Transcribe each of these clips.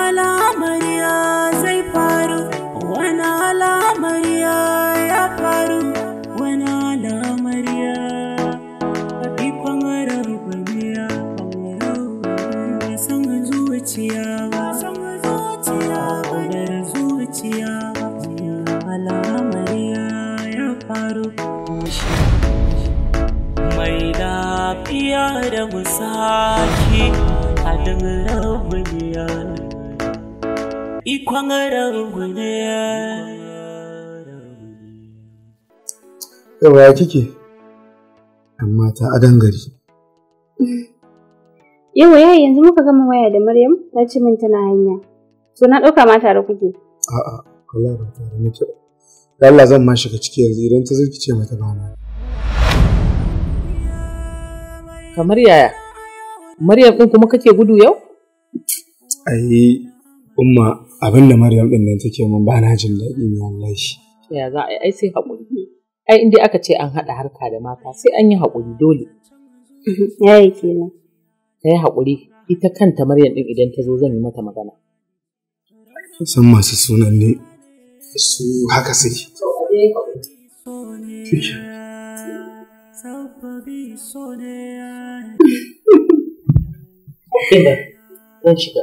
al'amari zai faru wani al'amari ya faru wani al'amari a ikon rabani ya faru san zuciya ba san zuciya ba zuciya al'amari ya faru mai lafiya da musaki halin ikon rabu ne yawa kike amma ta adan gari yawa ya yanzu muka gama waya da maryam ta ce min tana hanya So na ɗauka ma tare kuke a'a wallahi ba tare muke ba Allah zan ma shiga ciki yanzu idan ta zarkice mata ba na kamar yaya maryam ɗin kuma kake gudu yau ai umma abin da Maryam din nan take min ba na jin daɗi ne wallahi. Ya za a ai sai haƙuri. Ai inda aka ce an haɗa harka da mata sai an yi haƙuri dole. Yayi kenan. Ta yi haƙuri ita kanta Maryam ɗin idan ta zo zan yi mata magana. San masu sunan ne su haka suke. Inda zan shiga.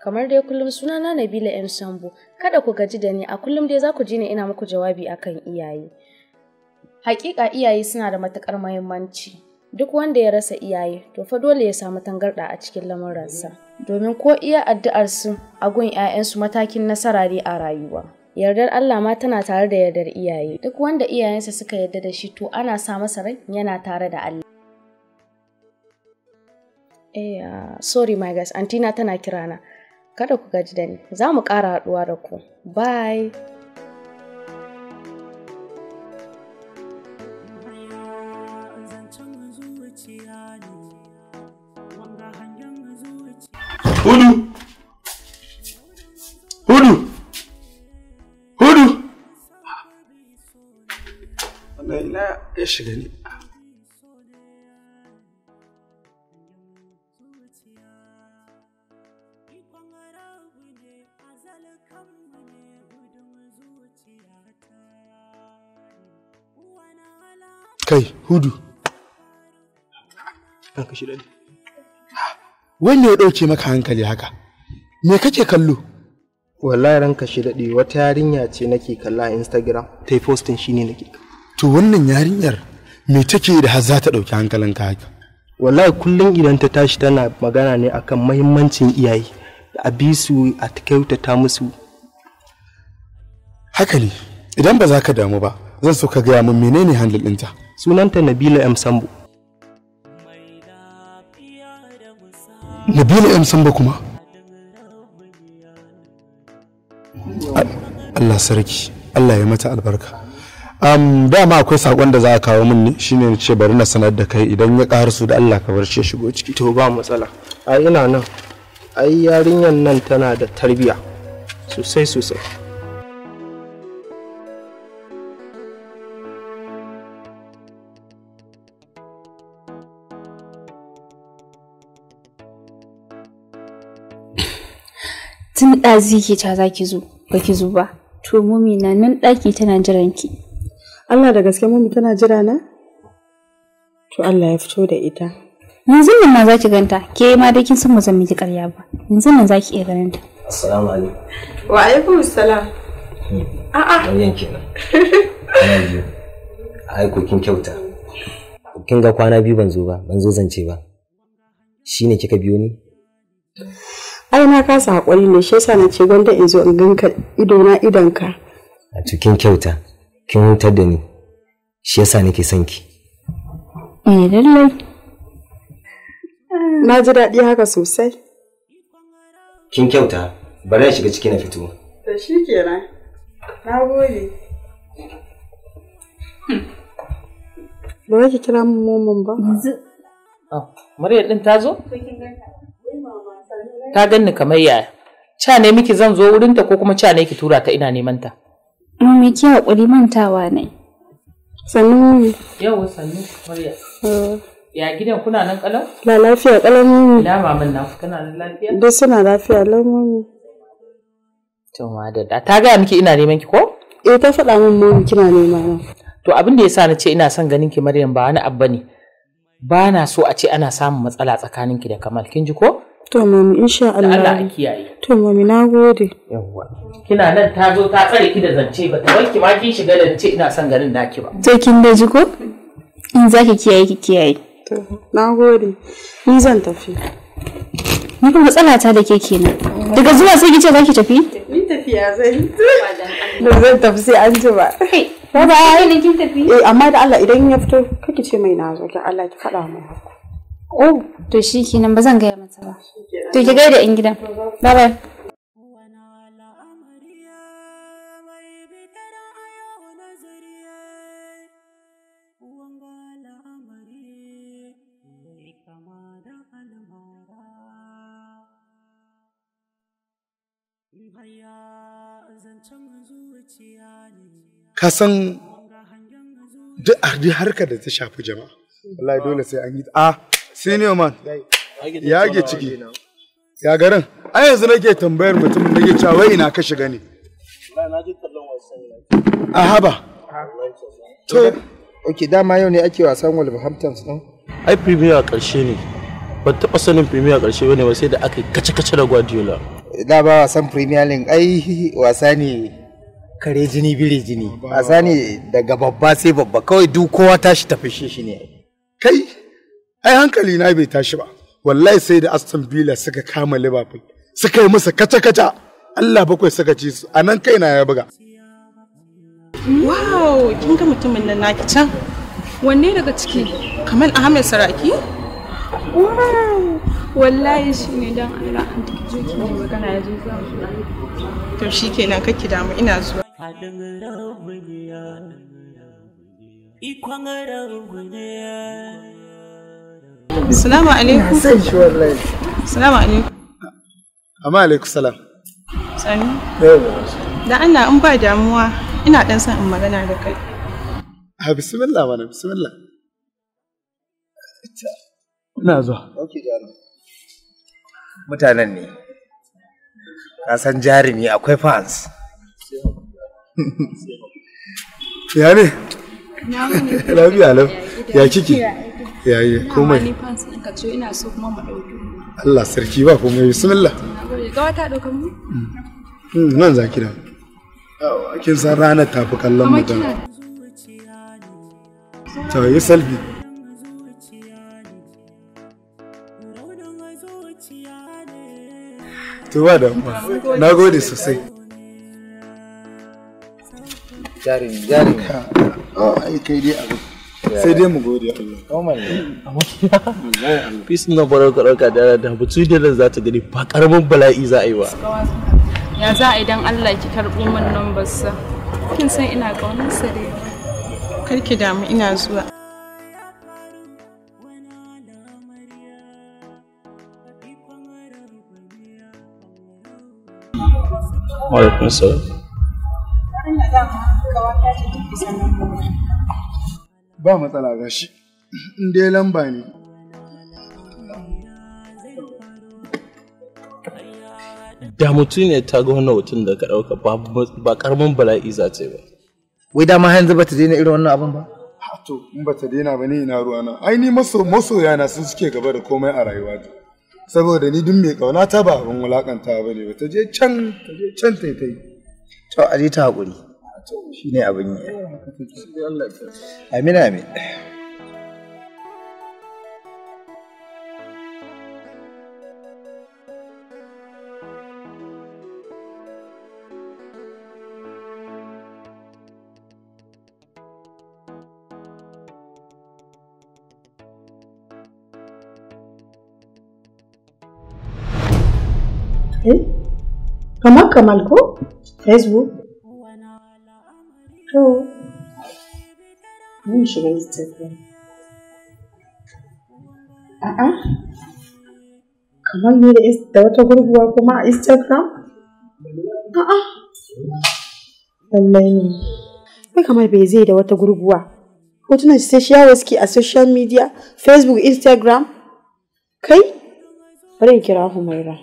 kamar dai kullum sunana Nabila M Sambu kada ku gaji da ni a kullum dai za ku ji ne ina muku jawabi akan iyaye Hakika iyaye suna da matukar muhimmanci duk wanda ya rasa iyaye to fa dole ya samu tangarda a cikin lamuransa domin ko iya addu'arsu a gun 'ya'yansu matakin nasara ne a rayuwa yardar Allah ma tana tare da yardar iyaye duk wanda iyayensa suka yarda da shi to ana sa masa rai yana tare da Allah Eh, uh, sorry my guys, antina tana kirana. kada ku gaji da ni za mu ƙara haɗuwa da ku bye Hudu! Hudu! Hudu! Allah ya shiga ni. Kai, hudu. An ya ɗauke maka hankali haka? Me kake kallo? Wallahi ranka shi daɗi wata yarinya ce nake kalla a Instagram. Ta yi postin shi ne nake. To wannan yarinyar me take da har za ta ɗauki hankalinka haka? Wallahi kullum idan ta tashi tana magana ne akan mahimmancin iyaye. A su a kyautata musu. Haka ne, idan ba za ka damu ba, zan so ka gaya min menene handle ɗinta. sunanta Nabila M Sambo Nabila M Sambo kuma Allah sarki Allah ya mata albarka um, dama akwai saƙon da za a kawo min ne shine ce bari na sanar da kai idan ya ƙara su da Allah ka bar shi shigo ciki to ba matsala a ina nan ai yarinyar nan tana da tarbiya sosai sosai tun ɗazi ke ta za ki zo ba ki zo ba to mumi na nan ɗaki tana jiran ki Allah da gaske mumi tana jira na to Allah ya fito da ita yanzu nan ma za ki ganta ke ma dai kin san ba zan miki ƙarya ba yanzu nan za ki iya ganin ta assalamu alaikum wa alaikum assalam hmm. a'a yan kenan ai ku kin kyauta kin ga kwana biyu ban zo ba ban zo zance ba shine kika biyo ni ai na kasa hakuri ne shi yasa na ce gwanda in zo in ganka ido na idonka a cikin kyauta kin hutar da ni shi yasa nake son ki eh lalle na ji daɗi haka sosai kin kyauta bari na shiga ciki na fito to shi kenan na gode ba ki kira mun momon ba yanzu ah, Maryam ta zo? Kin ganta. ta ganni kamar yaya ca ne miki zan zo wurinta ko kuma ca ne ki tura ta ina neman ta me ki hakuri mantawa ne sannu yawa sannu murya hmm. ya gidan kuna nan kalau na lafiya kalau mu ina maman na kana nan lafiya duk suna lafiya lau mu to madalla ta ga miki ina neman ki ko eh ta faɗa min mu kina nema na to abin da yasa na ce ina son ganin ki Maryam ba wani abba ne ba na so a ce ana samun matsala tsakaninki da Kamal kin ji ko To mami insha Allah. Allah a kiyaye. To mami na gode. Yawwa. Kina nan ta zo ta tsare ki da zance ba ta wanki ma kin shiga da zance ina son garin naki ba. To kin da ko? In za ki kiyaye ki kiyaye. To na gode. Ni zan tafi. Ni kuma matsala ta da ke kenan. Daga zuwa sai kice za ki tafi? Ni tafiya zan. Ba zan tafi sai an ji ba. Ba ba. Kin tafi? Eh amma da Allah idan ya fito kake ce mai nazo ki Allah ki faɗa mu. oh to shi kenan ba zan gaya mata ba to ki gaida in gidan bye bye ka san duk harka da ta shafi jama'a wallahi dole sai an yi a senior man ya ke ciki ya garin ai yanzu nake tambayar mutumin da ke cewa ina ka shiga ne a haba to ok dama yau ne ake wasan wolverhampton din ai premier karshe ne ban taba sanin premier karshe ne ba sai da aka kace kace da guardiola da ba wasan premier league ai wasa ne kare jini biri jini wasa ne daga babba sai babba kawai duk kowa tashi tafishe shi ne kai ai hankali na bai tashi ba wallahi sai da Aston Villa suka kama Liverpool suka yi masa kata-kata Allah bakwai suka ci su a nan kaina ya buga wow kin ga mutumin nan naki can wanne daga ciki kamar Ahmed Saraki wallahi shi ne dan Allah an take je ki magana ya zo zuwa to shikenan kake damu ina zuwa ikon rabu ne Assalamu alaikum. San shi wallahi. alaikum. Amma alaikum salam. Sani. Da Allah in ba damuwa ina dan son in magana da kai. Ha ah, bismillah bismillah. Ina zuwa. Okay jarum. Mutanen ne. Ka san jarumi akwai fans. Ya ne? Lafiya Ya kike? Eh. yayi komai ni fan sun ka ce ina so kuma mu dauki Allah sarki ba komai bismillah ga ta dokan mu mm. Mm, nan zaki da kin san ranar tafi kallon mu dan ta yi salbi to ba da ba na gode sosai jarin jarin ka oh ai kai dai abu sai dai mu gode Allah oh kamar ne peace na barar ka dauka da da butu da za ta gani ba karamin bala'i za a yi ba ya za a idan Allah ki karbo min number sa kin san ina kaunar sa dai kar ki damu ina zuwa Wa alaikum salam. Allah da ma kawata ta tafi sanan gobe. ba matsala ga shi inda ya lamba ne da mutum ne ta ga wannan hoton da ka ɗauka ba karamin bala'i za ta yi ba wai dama yanzu ba ta daina irin wannan abin ba to in ba ta daina ba ne ina na. ai ni maso maso yana sun suke gaba da komai a rayuwa ta saboda ni duk mai kauna ta ba abin wulakanta ba ne ba ta je can ta je can ta yi to a ta haƙuri shi ne abin yi amin amin eh? kamar kamal ko facebook To, mun shiga Instagram. A'a, kamar ni da da wata gurguwa kuma a Instagram? A'a, lallai ne. Kai kamar bai zai da wata gurguwa. Hotunan sai shi yawo suke a social media, Facebook, Instagram. Kai, bari in kira Humaira.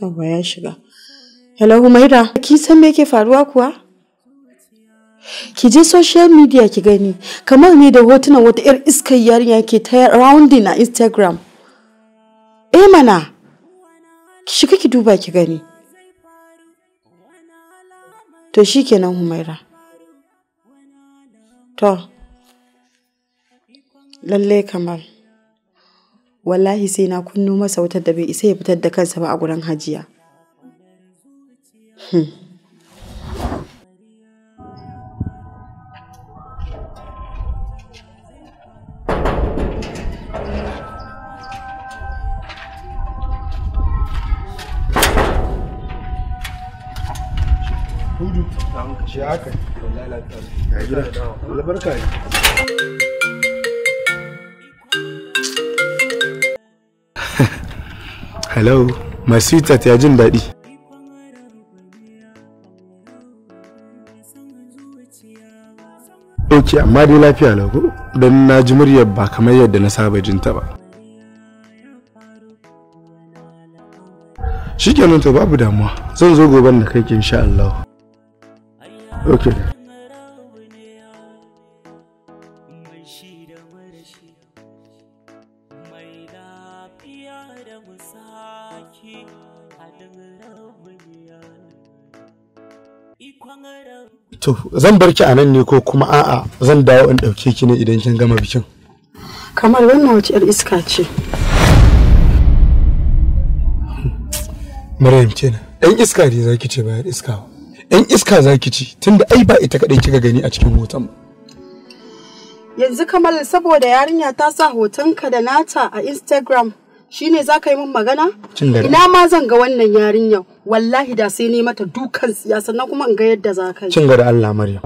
Yawwa ya shiga. Hello Humaira, ki san me yake faruwa kuwa? Ki je social media ki gani, kamar ne da hotunan wata 'yar iskar yarinya ke ta rounding a Instagram. Eh mana, ki shiga ki duba ki gani. To shi kenan Humaira. To, lallai kamar. wallahi sai na kunno masa wutar da bai isa ya fitar da kansa ba a gurin hajiya Hudu, shi haka, Hello, my sweetheart ya jin daɗi. Ok, amma dai lafiya lagu, don na ji muryar ba kamar yadda na saba jin ta ba. Shikenan ta babu damuwa, zan zo gobe da kai insha Allah. Ok. ki To zan bar ki a nan ne ko kuma a'a zan dawo in ɗauke ki ne idan kin gama bikin. Kamar wannan wace 'yar iska ce. Maryam kenan. 'Yan iska ne za ki ce bayan iska ba. iska za ki ci tunda ai ba ita kaɗai kika gani a cikin hoton ba. Yanzu kamar saboda yarinya ta sa hotonka da nata a Instagram shine za ka yi min magana ina ma zan ga wannan yarinyar wallahi da sai ne mata dukan siyasa sannan kuma in ga yadda za ka yi cin da Allah Maryam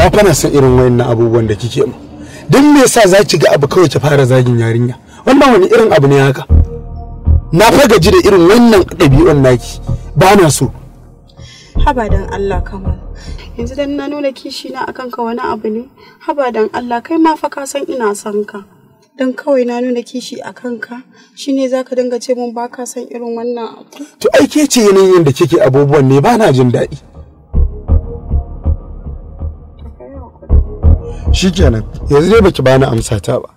ba fana na san irin wayannan abubuwan da kike mu dan me yasa za ki ga abu kawai ki fara zagin yarinya wannan wani irin abu ne haka na fa gaji da irin wannan ɗabi'un naki ba na so haba dan Allah kamar yanzu dan na nuna kishi na akan ka wani abu ne haba dan Allah kai ma fa ka san ina son ka don kawai na nuna kishi a kanka shine za ka dinga ce mun baka son irin wannan abu. To ai ke ce yanayin da kike abubuwan ne ba na jin daɗi. kenan yanzu dai baki bani amsa ta ba.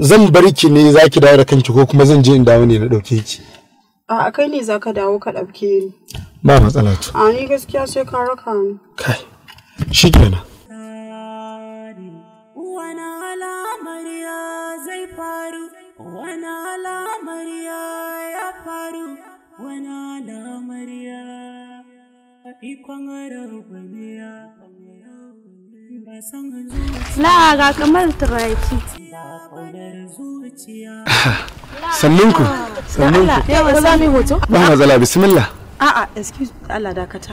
Zan bar ki ne za ki dawo da kanki ko kuma zan je in dawo ne na ɗauke ki. A kai ne za ka dawo ka ɗauke ni. Ba matsala to. A ni gaskiya sai ka raka ni. Kai shi kenan. Na ga kamar turaki. Sannunku, sannunku. Yawa za mu yi hoto? Ba matsala, bismillah. A'a, excuse Allah dakata.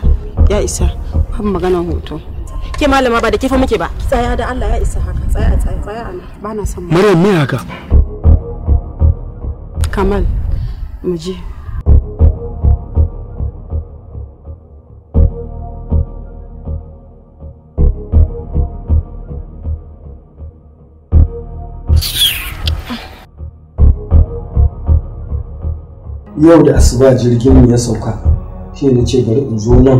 Ya isa, ba maganar hoto. Ke malama ba da kifa muke ba. Tsaya da Allah ya isa haka, tsaya a tsaya, tsaya a nan. Ba na son Maryam me haka? Kamal, mu je. yau da asuba jirgin ya sauka shi na ce bari in zo nan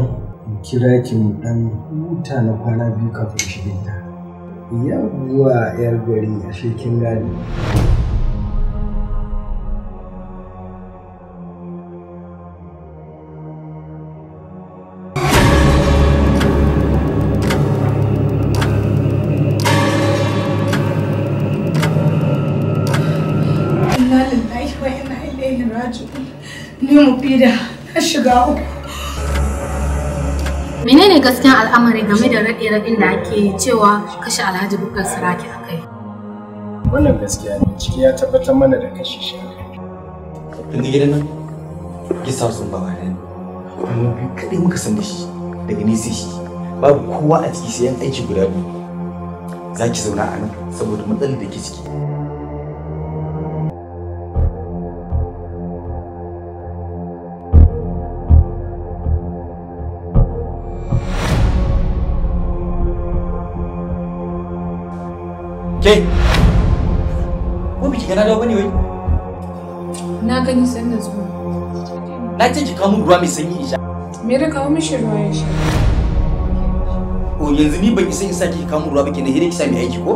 in kira ki mu dan huta na kwana biyu kafin shiga ta yawwa yar gari a shekin gari yi Ni Mufida, na shiga uku. Menene gaskiyan al'amari game da raɗe-raɗin da ake cewa kashe Alhaji Bukar Saraki a kai? Wannan gaskiya ne, ciki ya tabbatar mana da kashe shi. a Kun ga gidan nan? Gisa sun ba ne. Mu bi kaɗai muka san da shi, daga nesa shi. Babu kowa a ciki sai yan aiki guda biyu. Za ki zauna a nan saboda matsalar da ke ciki. Ke? Ko biki gana dawo bane wai? Na gani san da zuwa. Na ce ki kawo min ruwa mai sanyi in sha. Me da kawo mishi ruwa ya sha? O yanzu ni ban isa in sa ki kawo min ruwa ba kenan hira ki sa mai aiki ko?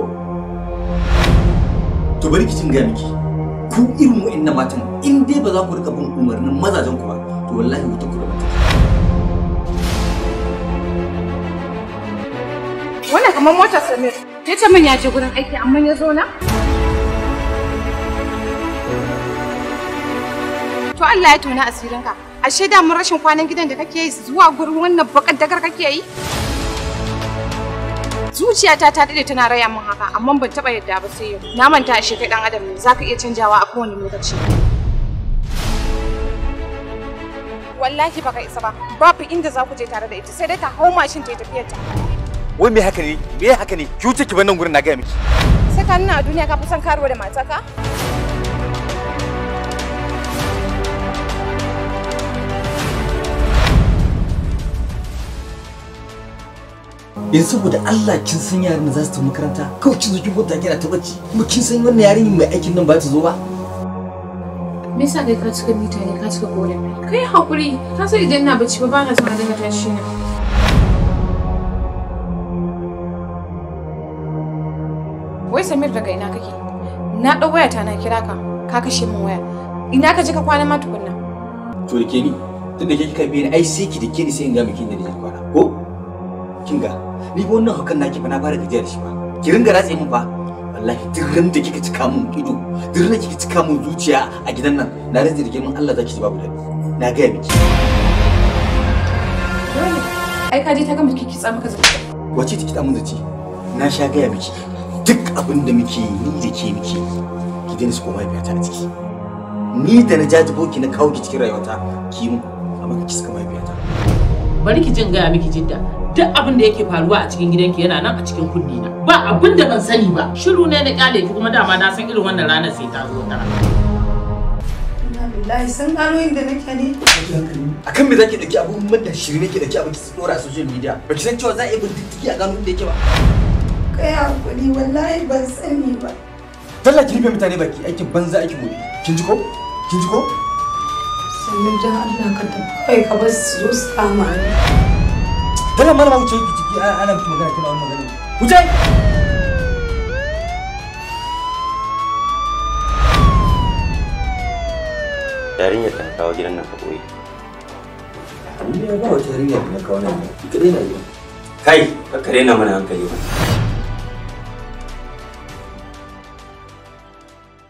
To bari ki cin ga miki. Ku irin wa'annan matan in dai ba za ku rika bin umarnin mazajen ku ba to wallahi wuta ku da mata. Wannan kamar motar Samir. Ya ce min ya je gurin aiki amma ya zo na? To Allah ya tona asirinka. Ashe da mun rashin kwanan gidan da kake yi zuwa gurin wannan bakar dagar kake yi? Zuciyata ta daɗe tana raya mun haka amma ban taɓa yadda ba sai yau. Na manta a shekai ɗan adam ne za ka iya canjawa a kowane lokaci. Wallahi baka isa ba, babu inda za ku je tare da ita sai dai ta hau mashin ta yi tafiyarta. wai me haka ne me haka ne ki wuce ki bar nan gurin na ga miki sai ka nuna a duniya ka fi son karuwa da ka yanzu saboda Allah kin san yaran da za su tafi makaranta kawai kin zo kin gwada kina ta bacci kuma kin san wannan yarin mai aikin nan ba ta zo ba me yasa kai ka cika mita ka cika koren kai hakuri ka san idan na bacci ba ba na son a dinga tashi na Wai Samir daga ina kake? Na ɗau ta na kira ka, ka kashe min waya. Ina ka je ka kwana ma tukunna? To da ke ni, tunda ke kika biyan ai sai ki da ke ni sai in ga miki inda nake kwana. Ko? Kin ga, ni ba wannan hakan naki ba na fara gajiya da shi ba. Ki ringa ratse min fa. Wallahi duk ran da kika cika min ido, duk ran da kika cika min zuciya a gidan nan, na rantsi da girman Allah zaki ji babu dadi. Na ga miki. Ai ka je ta ga miki kitsa maka zuciya. Wace ta kita min zuciya? Na sha gaya miki. duk abin da muke yi ni da ke muke ki daina su koma mahaifiyata a ciki ni da na jaji boki na kawo ki cikin rayuwata ki mu amma ki saka mahaifiyata bari ki jin gaya miki jidda duk abin da yake faruwa a cikin gidanki yana nan a cikin kunni na ba abin da ban sani ba shiru ne na kyale ki kuma dama na san irin wannan ranar sai ta zo ta Alhamdulillah sun gano inda nake ne. Akan me zaki daki abun manta shirme ki daki abun ki dora a social media. Ba ki san cewa za a yi bindiki a gano inda yake ba. Kai hakuri wallahi ban sani ba. Talla ki rufe mutane baki aikin banza aiki gobe. Kin ji ko? Kin ji ko? Sannan dan Allah ka ka bar su zo su kama ni. Talla malama wuce ki ciki ana magana kina wannan magana. Wuce! Yarinyar ta kawo gidan nan ka boye. Ni ba wata yarinya da na kawo nan. Ki kadai na yi. Kai, ka kare na mana hankali ba.